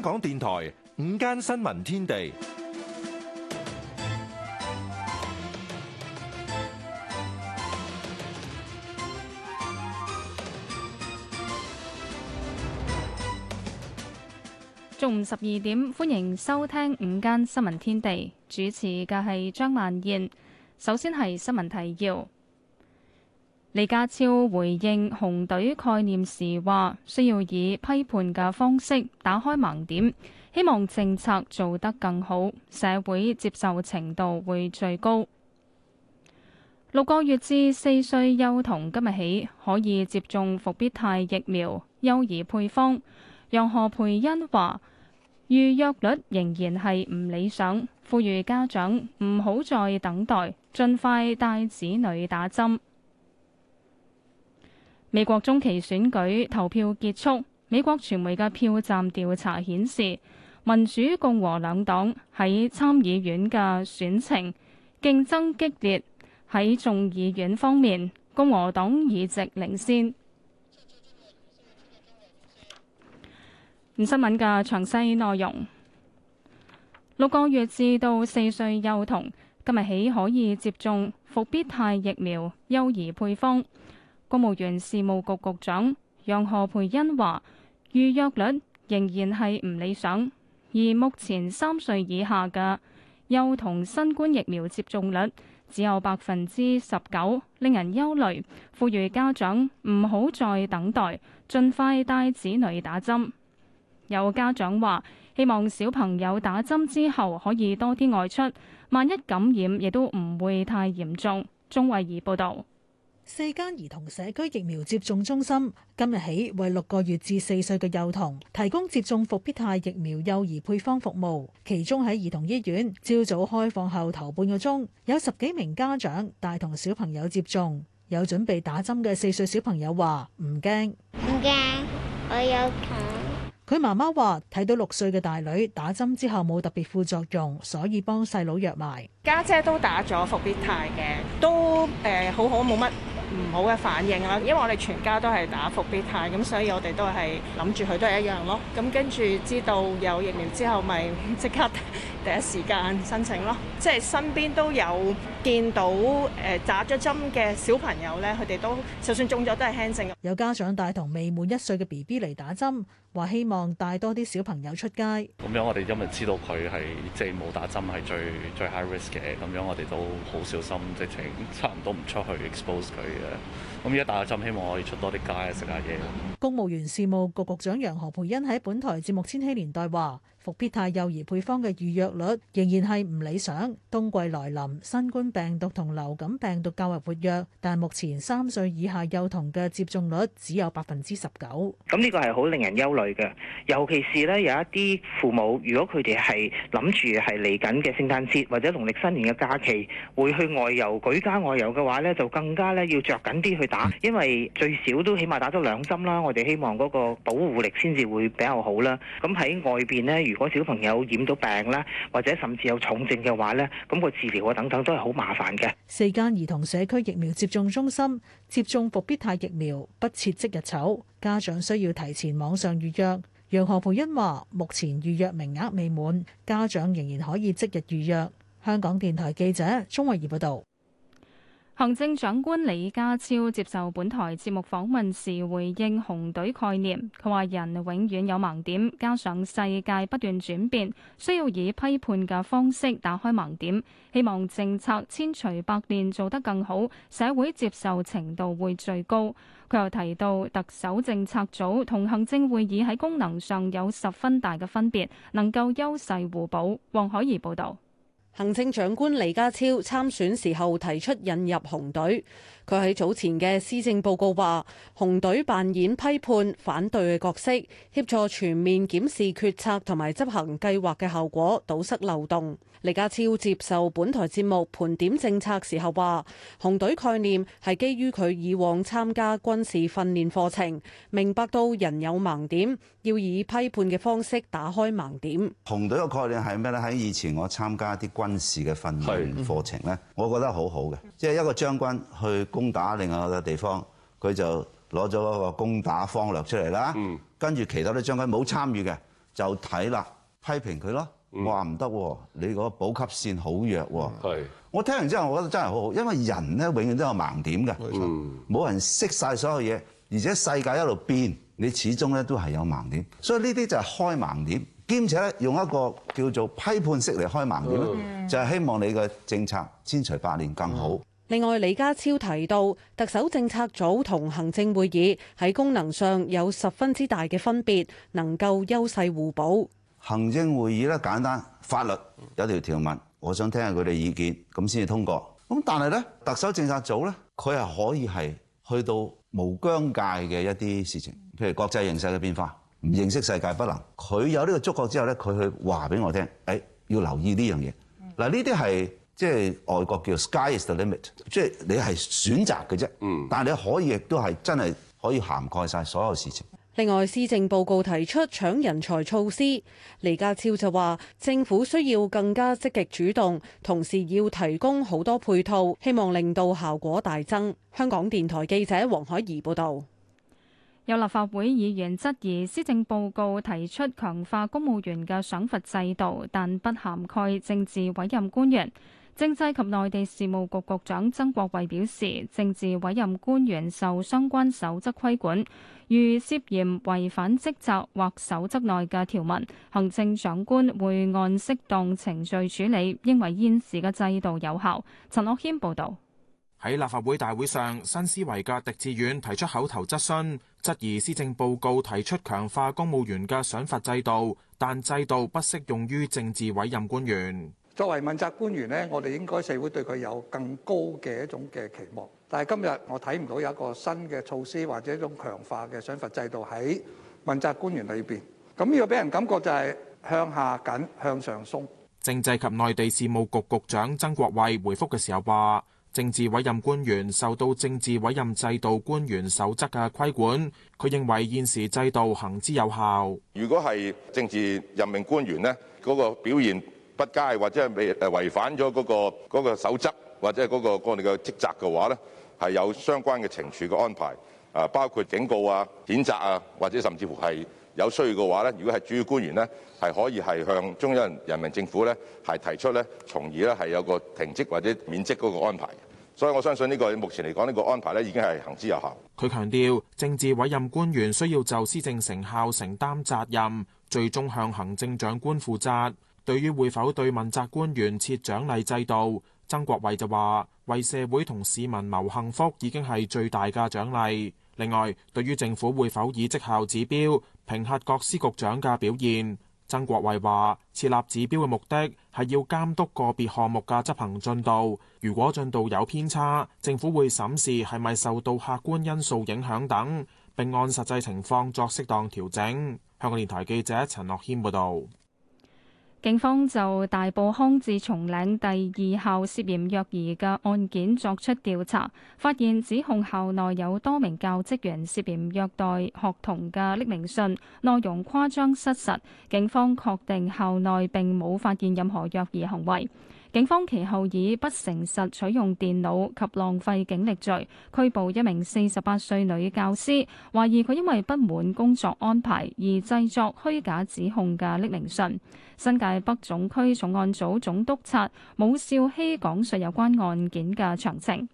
香港電台午間新聞天地，中午十二點，歡迎收聽午間新聞天地，主持嘅係張萬燕。首先係新聞提要。李家超回應紅隊概念時話，需要以批判嘅方式打開盲點，希望政策做得更好，社會接受程度會最高。六個月至四歲幼童今日起可以接種復必泰疫苗幼兒配方。楊何蓓茵話，預約率仍然係唔理想，呼籲家長唔好再等待，盡快帶子女打針。美國中期選舉投票結束，美國傳媒嘅票站調查顯示，民主、共和兩黨喺參議院嘅選情競爭激烈；喺眾議院方面，共和黨議席領先。新聞嘅詳細內容：六個月至到四歲幼童今日起可以接種復必泰疫苗幼兒配方。公務員事務局局長楊何蓓茵話，預約率仍然係唔理想，而目前三歲以下嘅幼童新冠疫苗接種率只有百分之十九，令人憂慮。呼籲家長唔好再等待，盡快帶子女打針。有家長話，希望小朋友打針之後可以多啲外出，萬一感染亦都唔會太嚴重。鍾慧儀報道。四間兒童社區疫苗接種中心今日起為六個月至四歲嘅幼童提供接種復必泰疫苗幼兒配方服務。其中喺兒童醫院，朝早開放後頭半個鐘，有十幾名家長帶同小朋友接種。有準備打針嘅四歲小朋友話：唔驚，唔驚，我有糖。佢媽媽話：睇到六歲嘅大女打針之後冇特別副作用，所以幫細佬約埋。家姐都打咗復必泰嘅，都，誒，好好，冇乜，唔好嘅反應啦，因為我哋全家都係打復必泰，咁所以我哋都係諗住佢都係一樣咯。咁跟住知道有疫苗之後，咪即刻第一時間申請咯。即係身邊都有見到誒打咗針嘅小朋友咧，佢哋都就算中咗都係輕症。有家長帶同未滿一歲嘅 BB 嚟打針，話希望帶多啲小朋友出街。咁樣我哋因為知道佢係即係冇打針係最最 high risk 嘅，咁樣我哋都好小心，即係差唔多唔出去 expose 佢。咁而家大家就希望可以出多啲街，食下嘢。公務員事務局局長楊何蓓茵喺本台節目《千禧年代》話。復必泰幼兒配方嘅預約率仍然係唔理想。冬季來臨，新冠病毒同流感病毒較為活躍，但目前三歲以下幼童嘅接種率只有百分之十九。咁呢個係好令人憂慮嘅，尤其是咧有一啲父母，如果佢哋係諗住係嚟緊嘅聖誕節或者農曆新年嘅假期會去外遊、舉家外遊嘅話咧，就更加咧要著緊啲去打，因為最少都起碼打咗兩針啦。我哋希望嗰個保護力先至會比較好啦。咁喺外邊咧。如果小朋友染到病啦，或者甚至有重症嘅話咧，咁個治療啊等等都係好麻煩嘅。四間兒童社區疫苗接種中心接種復必泰疫苗不設即日籌，家長需要提前網上預約。楊何培欣話目前預約名額未滿，家長仍然可以即日預約。香港電台記者鍾慧儀報道。行政長官李家超接受本台節目訪問時，回應紅隊概念。佢話：人永遠有盲點，加上世界不斷轉變，需要以批判嘅方式打開盲點。希望政策千錘百煉做得更好，社會接受程度會最高。佢又提到，特首政策組同行政會議喺功能上有十分大嘅分別，能夠優勢互補。黃海怡報導。行政長官李家超參選時候提出引入紅隊。佢喺早前嘅施政報告話，紅隊扮演批判、反對嘅角色，協助全面檢視決策同埋執行計劃嘅效果，堵塞漏洞。李家超接受本台節目盤點政策時候話，紅隊概念係基於佢以往參加軍事訓練課程，明白到人有盲點，要以批判嘅方式打開盲點，紅隊嘅概念係咩咧？喺以前我參加啲軍事嘅訓練課程咧，的我覺得好好嘅，即係一個將軍去。攻打另外一個地方，佢就攞咗一個攻打方略出嚟啦。跟住、嗯、其他啲將軍冇參與嘅，就睇啦，批評佢咯，話唔得喎，你個補給線好弱喎。是、我聽完之後，我覺得真係好好，因為人咧永遠都有盲點嘅，冇、嗯、人識晒所有嘢，而且世界一路變，你始終咧都係有盲點。所以呢啲就係開盲點，兼且用一個叫做批判式嚟開盲點咧，嗯、就係希望你嘅政策千錘百煉更好。嗯另外，李家超提到，特首政策組同行政會議喺功能上有十分之大嘅分別，能夠優勢互補。行政會議咧簡單，法律有條條文，我想聽下佢哋意見，咁先至通過，咁但係咧，特首政策組咧，佢係可以係去到無疆界嘅一啲事情，譬如國際形勢嘅變化，唔認識世界不能。佢有呢個觸角之後咧，佢去話俾我聽，誒、哎、要留意呢樣嘢。嗱，呢啲係。即係外國叫 sky is the limit，即係你係選擇嘅啫。嗯，但係你可以亦都係真係可以涵蓋晒所有事情。另外，施政報告提出搶人才措施，李家超就話：政府需要更加積極主動，同時要提供好多配套，希望令到效果大增。香港電台記者黃海怡報道。有立法會議員質疑施政報告提出強化公務員嘅賞罰制度，但不涵蓋政治委任官員。政制及內地事務局局長曾國衛表示，政治委任官員受相關守則規管，如涉嫌違反職責或守則內嘅條文，行政長官會按適當程序處理。因為現時嘅制度有效。陳樂軒報導。喺立法會大會上，新思維嘅狄志遠提出口頭質詢，質疑施政報告提出強化公務員嘅賞罰制度，但制度不適用於政治委任官員。作為問責官員呢，我哋應該社會對佢有更高嘅一種嘅期望。但係今日我睇唔到有一個新嘅措施或者一種強化嘅賞罰制度喺問責官員裏邊。咁呢個俾人感覺就係向下緊，向上鬆。政制及內地事務局局長曾國衛回覆嘅時候話，政治委任官員受到政治委任制度官員守則嘅規管。佢認為現時制度行之有效。如果係政治任命官員呢，嗰個表現不佳，或者係違反咗嗰個守則，或者嗰個我嘅職責嘅話呢，係有相關嘅懲處嘅安排啊，包括警告啊、譴責啊，或者甚至乎係有需要嘅話呢，如果係主要官員呢，係可以係向中央人民政府呢，係提出呢，從而呢係有個停職或者免職嗰個安排。所以我相信呢個目前嚟講，呢個安排呢，已經係行之有效。佢強調，政治委任官員需要就施政成效承擔責任，最終向行政長官負責。對於會否對問責官員設獎勵制度，曾國衛就話：為社會同市民謀幸福已經係最大嘅獎勵。另外，對於政府會否以績效指標評核各司局長嘅表現，曾國衛話：設立指標嘅目的係要監督個別項目嘅執行進度，如果進度有偏差，政府會審視係咪受到客觀因素影響等，並按實際情況作適當調整。香港電台記者陳樂軒報導。警方就大埔匡智松嶺第二校涉嫌虐兒嘅案件作出調查，發現指控校內有多名教職員涉嫌虐待學童嘅匿名信內容誇張失實，警方確定校內並冇發現任何虐兒行為。警方其後以不誠實取用電腦及浪費警力罪拘捕一名四十八歲女教師，懷疑佢因為不滿工作安排而製作虛假指控嘅匿名信。新界北總區重案組總督察武少希講述有關案件嘅詳情。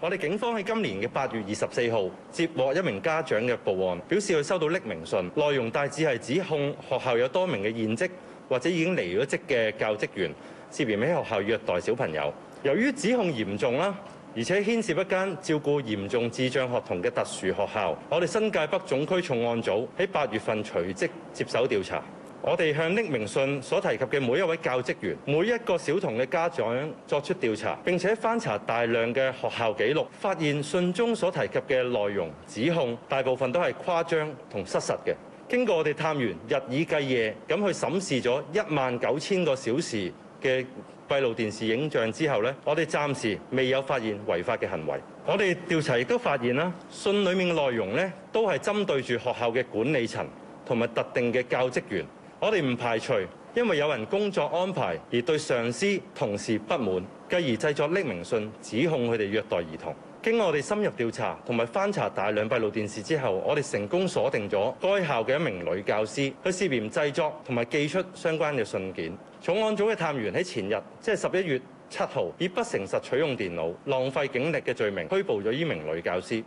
我哋警方喺今年嘅八月二十四號接獲一名家長嘅報案，表示佢收到匿名信，內容大致係指控學校有多名嘅現職或者已經離咗職嘅教職員涉嫌喺學校虐待小朋友。由於指控嚴重啦，而且牽涉一間照顧嚴重智障學童嘅特殊學校，我哋新界北總區重案組喺八月份隨即接手調查。我哋向匿名信所提及嘅每一位教職員，每一個小童嘅家長作出調查，並且翻查大量嘅學校記錄，發現信中所提及嘅內容指控大部分都係誇張同失實嘅。經過我哋探員日以繼夜咁去審視咗一萬九千個小時嘅閉路電視影像之後咧，我哋暫時未有發現違法嘅行為，我哋調查亦都發現啦，信裏面嘅內容咧都係針對住學校嘅管理層同埋特定嘅教職員。我哋唔排除，因為有人工作安排而對上司同事不滿，繼而製作匿名信指控佢哋虐待兒童。經過我哋深入調查同埋翻查大量閉路電視之後，我哋成功鎖定咗該校嘅一名女教師，佢涉嫌製作同埋寄出相關嘅信件。重案組嘅探員喺前日，即係十一月七號，以不誠實取用電腦、浪費警力嘅罪名拘捕咗呢名女教師。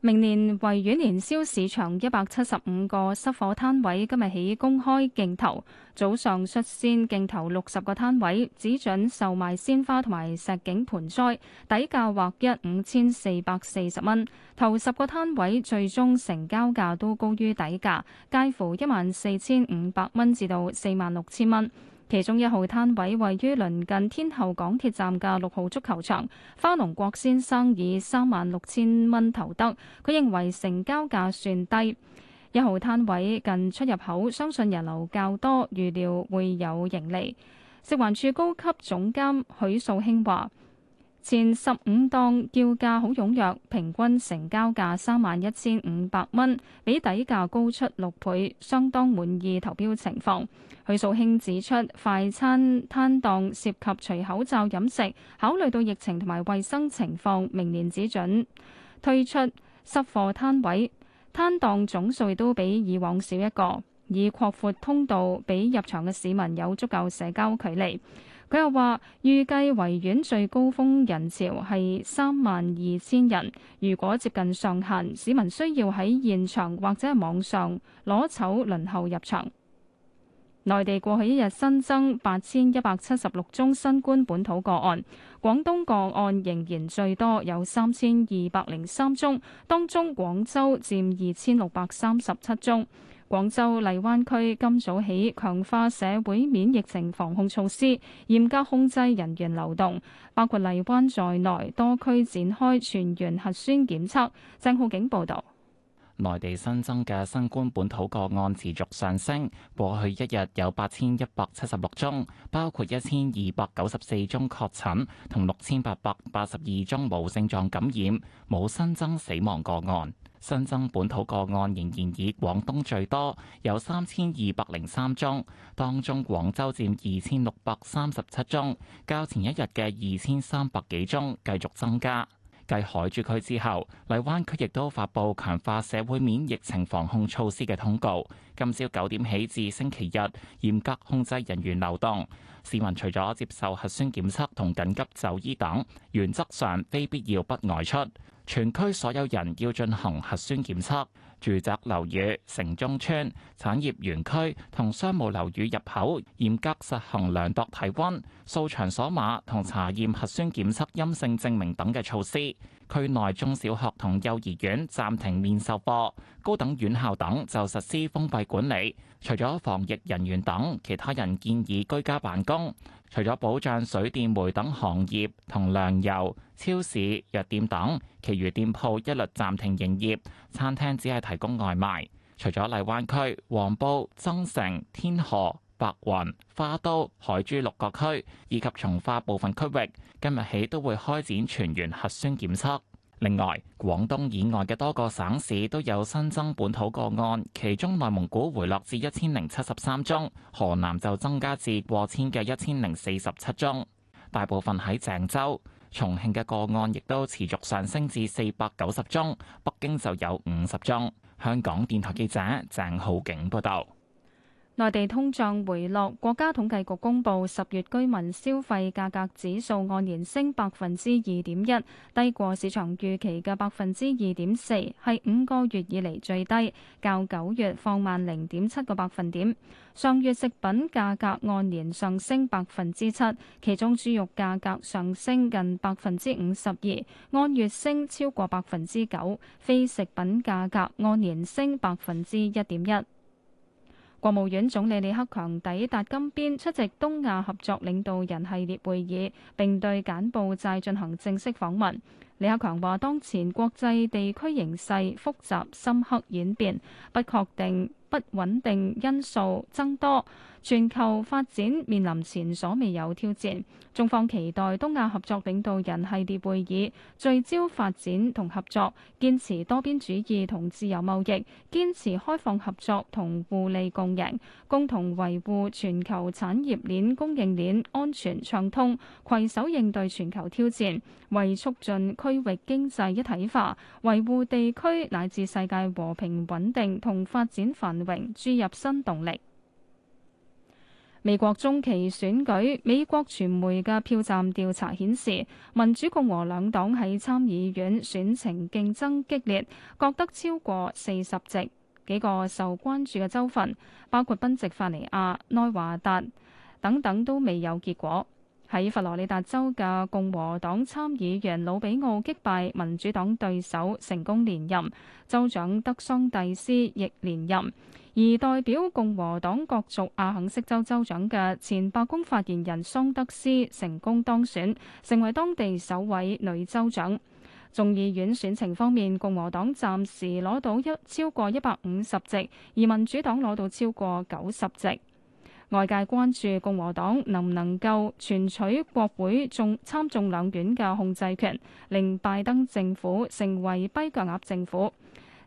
明年維園年宵市場一百七十五個濕貨攤位今日起公開競投，早上率先競投六十個攤位，只准售賣鮮花同埋石景盆栽，底價劃一五千四百四十蚊。頭十個攤位最終成交價都高於底價，介乎一萬四千五百蚊至到四萬六千蚊。其中一號攤位位於鄰近天后港鐵站嘅六號足球場，花龍國先生以三萬六千蚊投得，佢認為成交價算低。一號攤位近出入口，相信人流較多，預料會有盈利。食環署高級總監許素卿話。前十五檔叫價好踴躍，平均成交價三萬一千五百蚊，比底價高出六倍，相當滿意投標情況。許素卿指出，快餐攤檔涉及除口罩飲食，考慮到疫情同埋衞生情況，明年只准推出濕貨攤位，攤檔總數都比以往少一個，以擴闊通道，俾入場嘅市民有足夠社交距離。佢又話：預計維園最高峰人潮係三萬二千人，如果接近上限，市民需要喺現場或者網上攞籌輪候入場。內地過去一日新增八千一百七十六宗新冠本土個案，廣東個案仍然最多，有三千二百零三宗，當中廣州佔二千六百三十七宗。廣州荔灣區今早起強化社會面疫情防控措施，嚴格控制人員流動。包括荔灣在內多區展開全員核酸檢測。鄭浩景報道：內地新增嘅新冠本土個案持續上升，過去一日有八千一百七十六宗，包括一千二百九十四宗確診同六千八百八十二宗無症狀感染，冇新增死亡個案。新增本土個案仍然以廣東最多，有三千二百零三宗，當中廣州佔二千六百三十七宗，較前一日嘅二千三百幾宗繼續增加。繼海珠區之後，荔灣區亦都發佈強化社會面疫情防控措施嘅通告，今朝九點起至星期日嚴格控制人員流動，市民除咗接受核酸檢測同緊急就醫等，原則上非必要不外出。全區所有人要進行核酸檢測，住宅樓宇、城中村、產業園區同商務樓宇入口嚴格實行量度體溫、掃場所碼同查驗核酸檢測陰性證明等嘅措施。區內中小學同幼兒園暫停面授課，高等院校等就實施封閉管理。除咗防疫人員等，其他人建議居家辦公。除咗保障水電煤等行業同糧油、超市、藥店等，其餘店鋪一律暫停營業，餐廳只係提供外賣，除咗荔灣區、黃埔、增城、天河、白雲、花都、海珠六個區以及從化部分區域，今日起都會開展全員核酸檢測。另外，廣東以外嘅多個省市都有新增本土個案，其中內蒙古回落至一千零七十三宗，河南就增加至過千嘅一千零四十七宗，大部分喺鄭州。重慶嘅個案亦都持續上升至四百九十宗，北京就有五十宗。香港電台記者鄭浩景報道。內地通脹回落，國家統計局公布十月居民消費價格指數按年升百分之二點一，低過市場預期嘅百分之二點四，係五個月以嚟最低，較九月放慢零點七個百分點。上月食品價格按年上升百分之七，其中豬肉價格上升近百分之五十二，按月升超過百分之九，非食品價格按年升百分之一點一。國務院總理李克強抵達金邊，出席東亞合作領導人系列會議，並對柬埔寨進行正式訪問。李克強話：當前國際地區形勢複雜深刻演變，不確定不穩定因素增多。全球發展面臨前所未有挑戰，中方期待東亞合作領導人系列會議聚焦發展同合作，堅持多邊主義同自由貿易，堅持開放合作同互利共贏，共同維護全球產業鏈供應鏈安全暢通，攜手應對全球挑戰，為促進區域經濟一體化、維護地區乃至世界和平穩定同發展繁榮注入新動力。美國中期選舉，美國傳媒嘅票站調查顯示，民主共和兩黨喺參議院選情競爭激烈，各得超過四十席。幾個受關注嘅州份，包括賓夕法尼亞、內華達等等，都未有結果。喺佛羅里達州嘅共和黨參議員魯比奧擊敗民主黨對手，成功連任；州長德桑蒂斯亦連任。而代表共和黨角逐阿肯色州州長嘅前白宮發言人桑德斯成功當選，成為當地首位女州長。眾議院選情方面，共和黨暫時攞到一超過一百五十席，而民主黨攞到超過九十席。外界關注共和黨能唔能夠全取國會眾參眾兩院嘅控制權，令拜登政府成為跛腳鴨政府。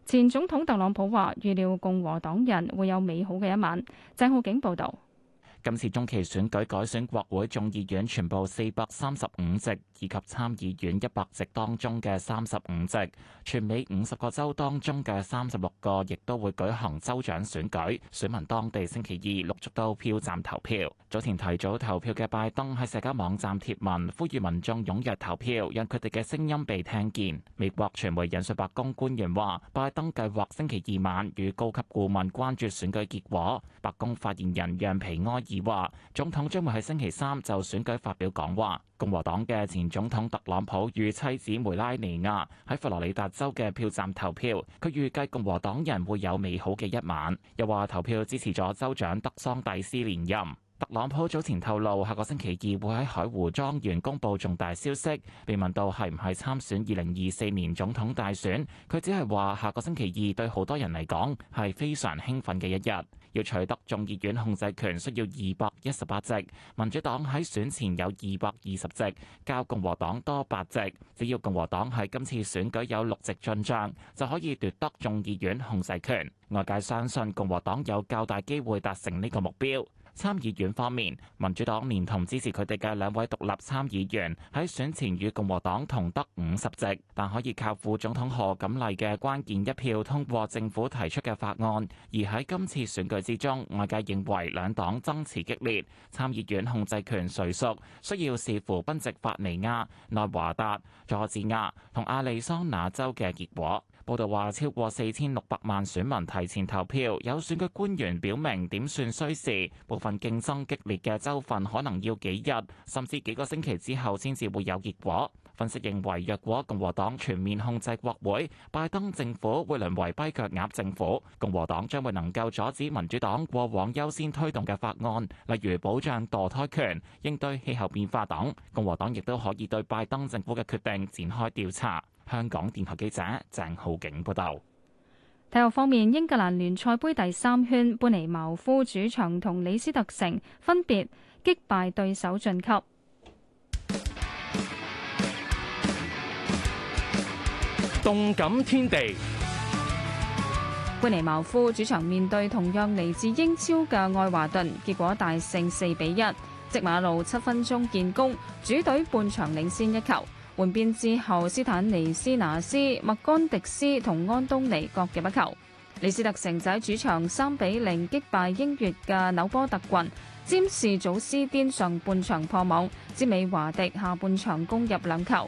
前總統特朗普話：預料共和黨人會有美好嘅一晚。鄭浩景報導。今次中期選舉改選國會眾議院全部435席，以及參議院100席當中嘅35席，全美50個州當中嘅36個亦都會舉行州長選舉。選民當地星期二陸續到票站投票。早前提早投票嘅拜登喺社交網站貼文，呼籲民眾踴躍投票，讓佢哋嘅聲音被聽見。美國傳媒引述白宮官員話，拜登計劃星期二晚與高級顧問關注選舉結果。白宮發言人讓皮埃。而話總統將會喺星期三就選舉發表講話。共和黨嘅前總統特朗普與妻子梅拉尼亞喺佛羅里達州嘅票站投票。佢預計共和黨人會有美好嘅一晚。又話投票支持咗州長德桑蒂斯連任。特朗普早前透露下個星期二會喺海湖莊園公布重大消息。被問到係唔係參選二零二四年總統大選，佢只係話下個星期二對好多人嚟講係非常興奮嘅一日。要取得眾議院控制權需要二百一十八席，民主黨喺選前有二百二十席，較共和黨多八席。只要共和黨喺今次選舉有六席進帳，就可以奪得眾議院控制權。外界相信共和黨有較大機會達成呢個目標。參議院方面，民主黨連同支持佢哋嘅兩位獨立參議員喺選前與共和黨同得五十席，但可以靠副總統賀錦麗嘅關鍵一票通過政府提出嘅法案。而喺今次選舉之中，外界認為兩黨爭持激烈，參議院控制權誰屬，需要視乎賓夕法尼亞、內華達、佐治亞同亞利桑那州嘅結果。報道話，超過四千六百萬選民提前投票，有選舉官員表明點算需時，部分競爭激烈嘅州份可能要幾日，甚至幾個星期之後先至會有結果。分析認為，若果共和黨全面控制國會，拜登政府會淪為跛腳鴨政府。共和黨將會能夠阻止民主黨過往優先推動嘅法案，例如保障墮胎權、應對氣候變化等。共和黨亦都可以對拜登政府嘅決定展開調查。香港電台記者鄭浩景報道。體育方面，英格蘭聯賽杯第三圈，般尼茅夫主場同李斯特城分別擊敗對手晉級。動感天地，佩尼茅夫主場面對同樣嚟自英超嘅愛華頓，結果大勝四比一。即馬路七分鐘建功，主隊半場領先一球。換邊之後，斯坦尼斯拿斯、麥干迪斯同安東尼各入一球。李斯特城仔主場三比零擊敗英乙嘅紐波特郡，占士祖斯丁上半場破網，詹美華迪下半場攻入兩球。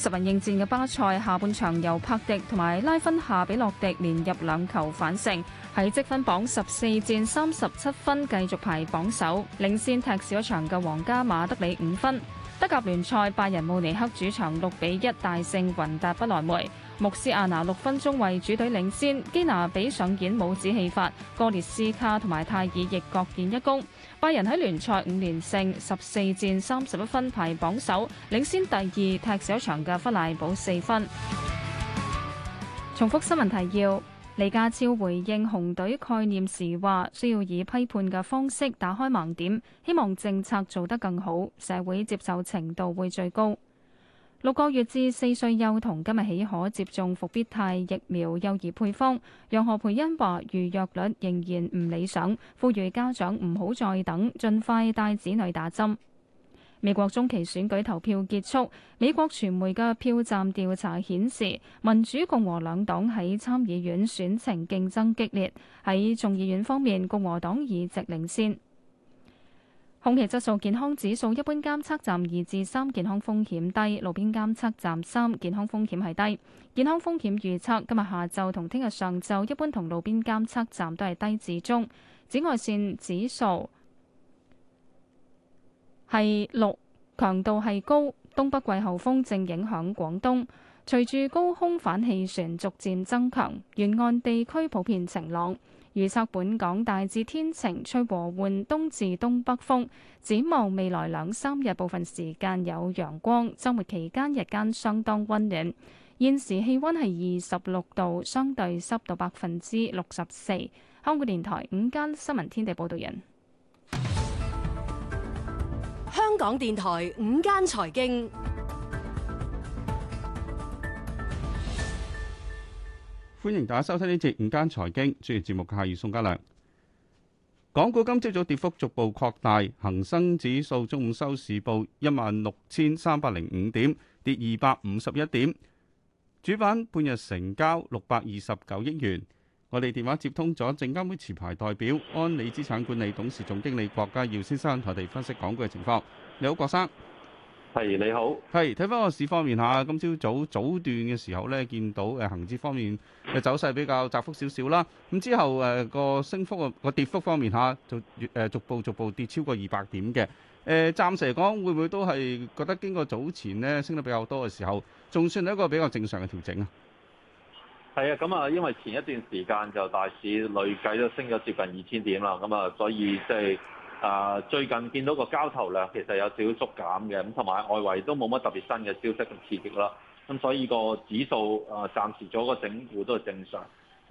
十人應戰嘅巴塞下半場由帕迪同埋拉芬夏比洛迪連入兩球反勝，喺積分榜十四戰三十七分，繼續排榜首，領先踢少一場嘅皇家馬德里五分。德甲聯賽，拜仁慕尼黑主場六比一大勝雲達不來梅。穆斯阿拿六分鐘為主隊領先，基拿比上演帽子戲法，哥列斯卡同埋泰爾亦各建一功。拜仁喺聯賽五連勝，十四戰三十一分排榜首，領先第二踢少場嘅弗賴堡四分。重複新聞提要。李家超回應紅隊概念時話，需要以批判嘅方式打開盲點，希望政策做得更好，社會接受程度會最高。六個月至四歲幼童今日起可接種復必泰疫苗幼兒配方。楊何培恩話，預約率仍然唔理想，呼籲家長唔好再等，盡快帶子女打針。美國中期選舉投票結束，美國傳媒嘅票站調查顯示，民主共和兩黨喺參議院選情競爭激烈。喺眾議院方面，共和黨議席領先。空氣質素健康指數，一般監測站二至三，健康風險低；路邊監測站三，健康風險係低。健康風險預測，今日下晝同聽日上晝，一般同路邊監測站都係低至中。紫外線指數。係六，強度係高。東北季候風正影響廣東，隨住高空反氣旋逐漸增強，沿岸地區普遍晴朗。預測本港大致天晴，吹和緩東至東北風。展望未來兩三日部分時間有陽光，週末期間日間相當温暖。現時氣温係二十六度，相對濕度百分之六十四。香港電台午間新聞天地報道人。港電台午間財經，歡迎大家收聽呢節午間財經。主持節目嘅係宋嘉良。港股今朝早跌幅逐步擴大，恒生指數中午收市報一萬六千三百零五點，跌二百五十一點。主板半日成交六百二十九億元。我哋電話接通咗證監會持牌代表安理資產管理董事總經理郭家耀先生，同我哋分析港股嘅情況。你好，郭生，係你好。係睇返個市方面，下今朝早早，早段嘅時候咧，見到誒恆指方面嘅走勢比較窄幅少少啦。咁之後誒、呃、個升幅個跌幅方面，下就越、呃、逐步逐步跌超過二百點嘅。誒、呃、暫時嚟講，會唔會都係覺得經過早前咧升得比較多嘅時候，仲算係一個比較正常嘅調整啊？係啊，咁啊，因為前一段時間就大市累計都升咗接近二千點啦，咁啊，所以即、就、係、係。啊，最近見到個交投量其實有少少縮減嘅，咁同埋外圍都冇乜特別新嘅消息咁刺激啦，咁所以個指數啊、呃、暫時做個整固都係正常。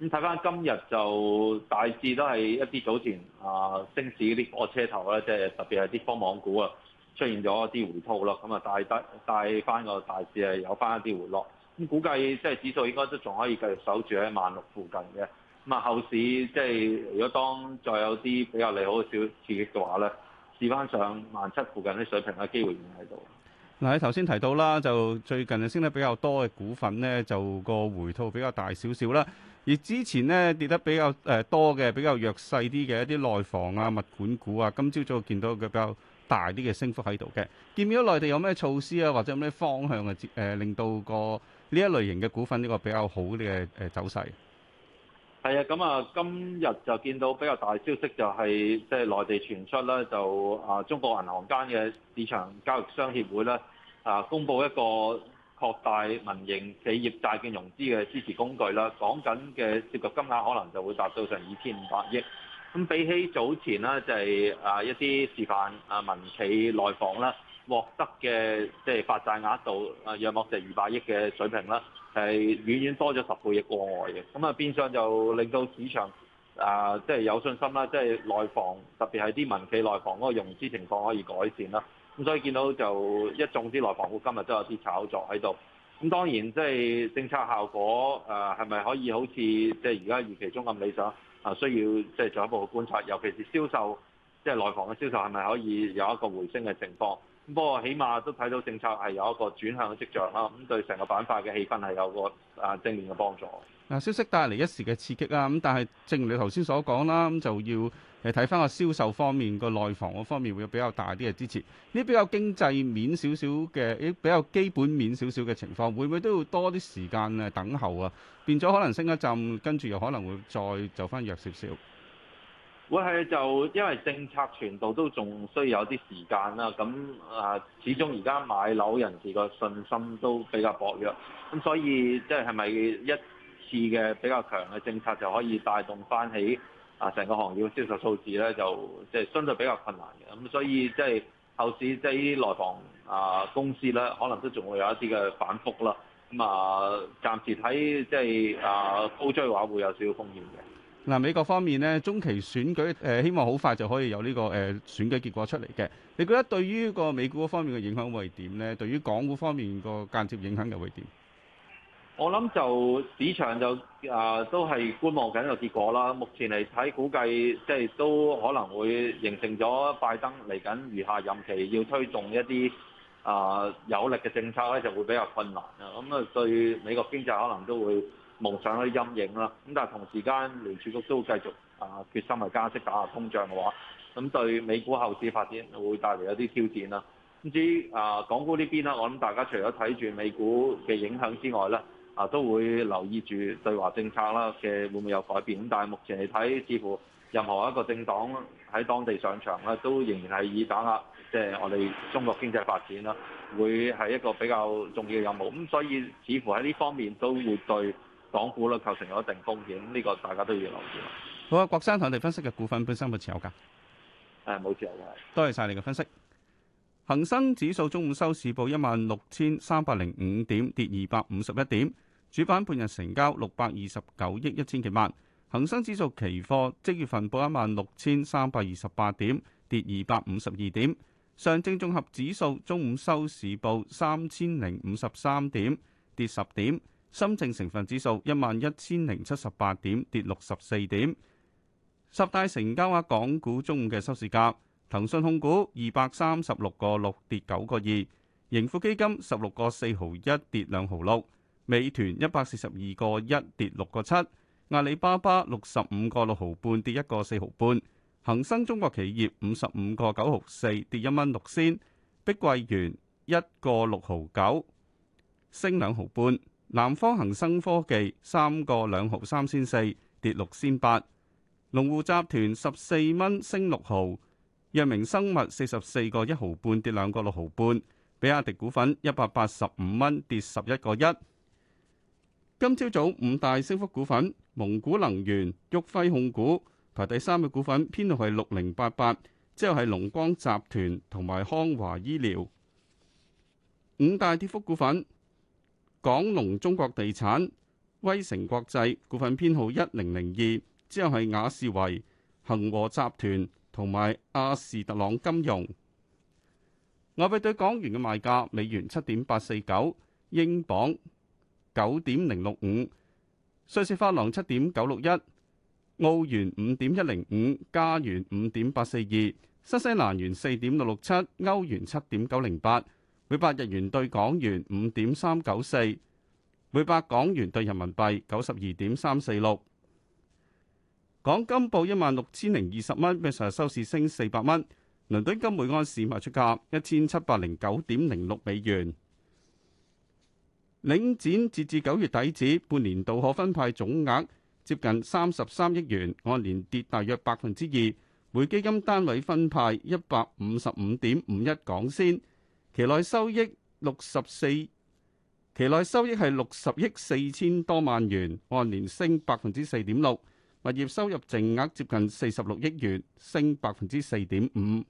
咁睇翻今日就大致都係一啲早前啊升、呃、市嗰啲火車頭咧，即係特別係啲科網股啊出現咗一啲回吐咯，咁啊帶得帶翻個大市係有翻一啲回落。咁估計即係指數應該都仲可以繼續守住喺萬六附近嘅。咁啊，後市即係如果當再有啲比較利好嘅小刺激嘅話咧，試翻上萬七附近啲水平嘅機會仍然喺度。嗱，你頭先提到啦，就最近升得比較多嘅股份咧，就個回吐比較大少少啦。而之前呢，跌得比較誒多嘅比較弱勢啲嘅一啲內房啊、物管股啊，今朝早見到佢比較大啲嘅升幅喺度嘅。見唔見到內地有咩措施啊，或者有咩方向嘅誒、呃、令到個呢一類型嘅股份呢個比較好啲嘅誒走勢？係啊，咁啊，今日就見到比較大消息就係，即係內地傳出咧，就啊，中國銀行間嘅市場交易商協會咧啊，公布一個擴大民營企業債券融資嘅支持工具啦，講緊嘅涉及金額可能就會達到成二千五百億。咁比起早前呢，就係啊一啲示範啊民企內房啦獲得嘅即係發債額度啊，約莫就二百億嘅水平啦。係遠遠多咗十倍亦過外嘅，咁啊變相就令到市場啊即係有信心啦，即係內房特別係啲民企內房嗰個融資情況可以改善啦。咁所以見到就一眾啲內房股今日都有啲炒作喺度。咁當然即係政策效果誒係咪可以好似即係而家預期中咁理想啊？需要即係進一步觀察，尤其是銷售即係內房嘅銷售係咪可以有一個回升嘅情況？不過，起碼都睇到政策係有一個轉向嘅跡象啦，咁對成個板塊嘅氣氛係有個啊正面嘅幫助。嗱，消息帶嚟一時嘅刺激啊，咁但係正如你頭先所講啦，咁就要誒睇翻個銷售方面個內房嗰方面會有比較大啲嘅支持。呢比較經濟面少少嘅，啲比較基本面少少嘅情況，會唔會都要多啲時間誒等候啊？變咗可能升一陣，跟住又可能會再就翻弱少少。會係就因為政策全部都仲需要有啲時間啦，咁啊始終而家買樓人士個信心都比較薄弱，咁所以即係係咪一次嘅比較強嘅政策就可以帶動翻起啊成個行業嘅銷售數字咧，就即係、就是、相對比較困難嘅。咁所以即係、就是、後市即係啲內房啊公司咧，可能都仲會有一啲嘅反覆啦。咁啊，暫時睇即係啊高追嘅話，會有少少風險嘅。嗱，美國方面咧，中期選舉誒、呃，希望好快就可以有呢、這個誒、呃、選舉結果出嚟嘅。你覺得對於個美股方面嘅影響會點咧？對於港股方面個間接影響又會點？我諗就市場就啊、呃，都係觀望緊個結果啦。目前嚟睇，估計即係、就是、都可能會形成咗拜登嚟緊餘下任期要推動一啲啊、呃、有力嘅政策咧，就會比較困難啊。咁啊，對美國經濟可能都會。夢想嘅陰影啦，咁但係同時間聯儲局都繼續啊決心係加息打壓通脹嘅話，咁對美股後市發展會帶嚟一啲挑戰啦。咁至於啊，港股呢邊啦，我諗大家除咗睇住美股嘅影響之外咧，啊都會留意住對華政策啦嘅會唔會有改變。咁但係目前嚟睇，似乎任何一個政黨喺當地上場咧，都仍然係以打壓即係、就是、我哋中國經濟發展啦，會係一個比較重要嘅任務。咁所以似乎喺呢方面都會對。港股啦，構成有一定風險，呢、這個大家都要留意。好啊，郭生同我哋分析嘅股份本身冇持有噶，誒冇持有嘅。多謝晒你嘅分析。恒生指數中午收市報一萬六千三百零五點，跌二百五十一點。主板半日成交六百二十九億一千幾萬。恒生指數期貨即月份報一萬六千三百二十八點，跌二百五十二點。上證綜合指數中午收市報三千零五十三點，跌十點。深證成分指數一萬一千零七十八點，跌六十四點。十大成交額港股中午嘅收市價，騰訊控股二百三十六個六跌九個二，盈富基金十六個四毫一跌兩毫六，美團一百四十二個一跌六個七，阿里巴巴六十五個六毫半跌一個四毫半，恒生中國企業五十五個九毫四跌一蚊六仙，碧桂園一個六毫九升兩毫半。南方恒生科技三個兩毫三仙四跌六仙八，龍湖集團十四蚊升六毫，藥明生物四十四個一毫半跌兩個六毫半，比亞迪股份一百八十五蚊跌十一個一。今朝早五大升幅股份，蒙古能源、旭輝控股排第三嘅股份，編號係六零八八，之後係龍光集團同埋康華醫療。五大跌幅股份。港龍、中國地產、威城國際股份編號一零零二，之後係雅士維、恒和集團同埋阿士特朗金融。外幣對港元嘅賣價：美元七點八四九，英鎊九點零六五，瑞士法郎七點九六一，澳元五點一零五，加元五點八四二，新西蘭元四點六六七，歐元七點九零八。每百日元對港元五點三九四，每百港元對人民幣九十二點三四六。港金報一萬六千零二十蚊，比上日收市升四百蚊。倫敦金每盎司賣出價一千七百零九點零六美元。領展截至九月底止，半年度可分派總額接近三十三億元，按年跌大約百分之二。每基金單位分派一百五十五點五一港先。期內收益六十四，期內收益係六十億四千多萬元，按年升百分之四點六。物業收入淨額接近四十六億元，升百分之四點五。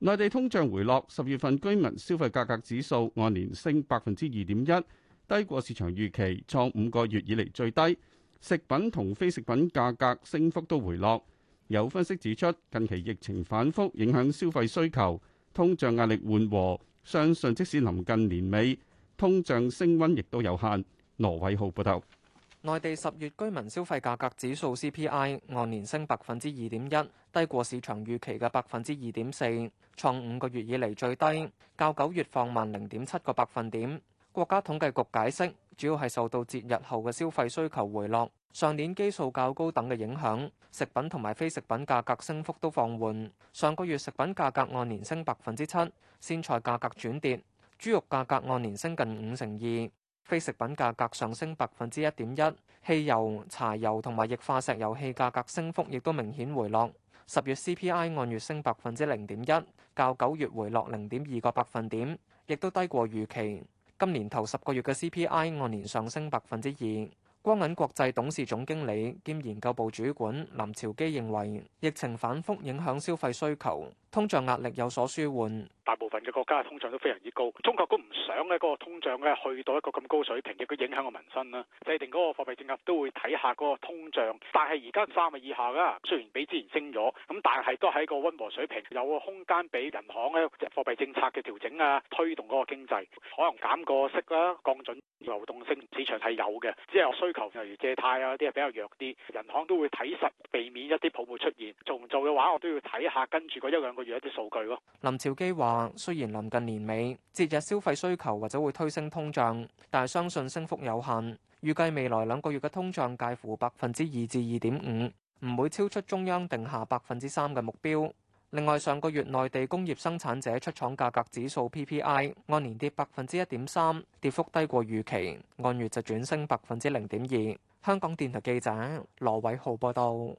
內地通脹回落，十月份居民消費價格指數按年升百分之二點一，低過市場預期，創五個月以嚟最低。食品同非食品價格升幅都回落。有分析指出，近期疫情反覆影響消費需求，通脹壓力緩和，相信即使臨近年尾，通脹升溫亦都有限。羅偉浩報道，內地十月居民消費價格指數 CPI 按年升百分之二點一，低過市場預期嘅百分之二點四，創五個月以嚟最低，較九月放慢零點七個百分點。國家統計局解釋。主要係受到節日後嘅消費需求回落、上年基數較高等嘅影響，食品同埋非食品價格升幅都放緩。上個月食品價格按年升百分之七，鮮菜價格轉跌，豬肉價格按年升近五成二，非食品價格上升百分之一點一。汽油、柴油同埋液化石油氣價格升幅亦都明顯回落。十月 CPI 按月升百分之零點一，較九月回落零點二個百分點，亦都低過預期。今年頭十個月嘅 CPI 按年上升百分之二。光銀國際董事總經理兼研究部主管林朝基認為，疫情反覆影響消費需求，通脹壓力有所舒緩。大部分嘅國家通脹都非常之高，中國都唔想呢個通脹咧去到一個咁高水平，亦都影響個民生啦。制定嗰個貨幣政策都會睇下個通脹，但係而家三以下啦，雖然比之前升咗，咁但係都喺個温和水平，有個空間俾銀行咧貨幣政策嘅調整啊，推動嗰個經濟，可能減個息啦，降準流動性市場係有嘅，只係需就例如借貸啊啲係比較弱啲，人行都會睇實，避免一啲泡沫出現。做唔做嘅話，我都要睇下跟住嗰一兩個月一啲數據咯。林兆基話：雖然臨近年尾，節日消費需求或者會推升通脹，但係相信升幅有限，預計未來兩個月嘅通脹介乎百分之二至二點五，唔會超出中央定下百分之三嘅目標。另外，上個月內地工業生產者出廠價格指數 PPI 按年跌百分之一點三，跌幅低過預期，按月就轉升百分之零點二。香港電台記者羅偉浩報道。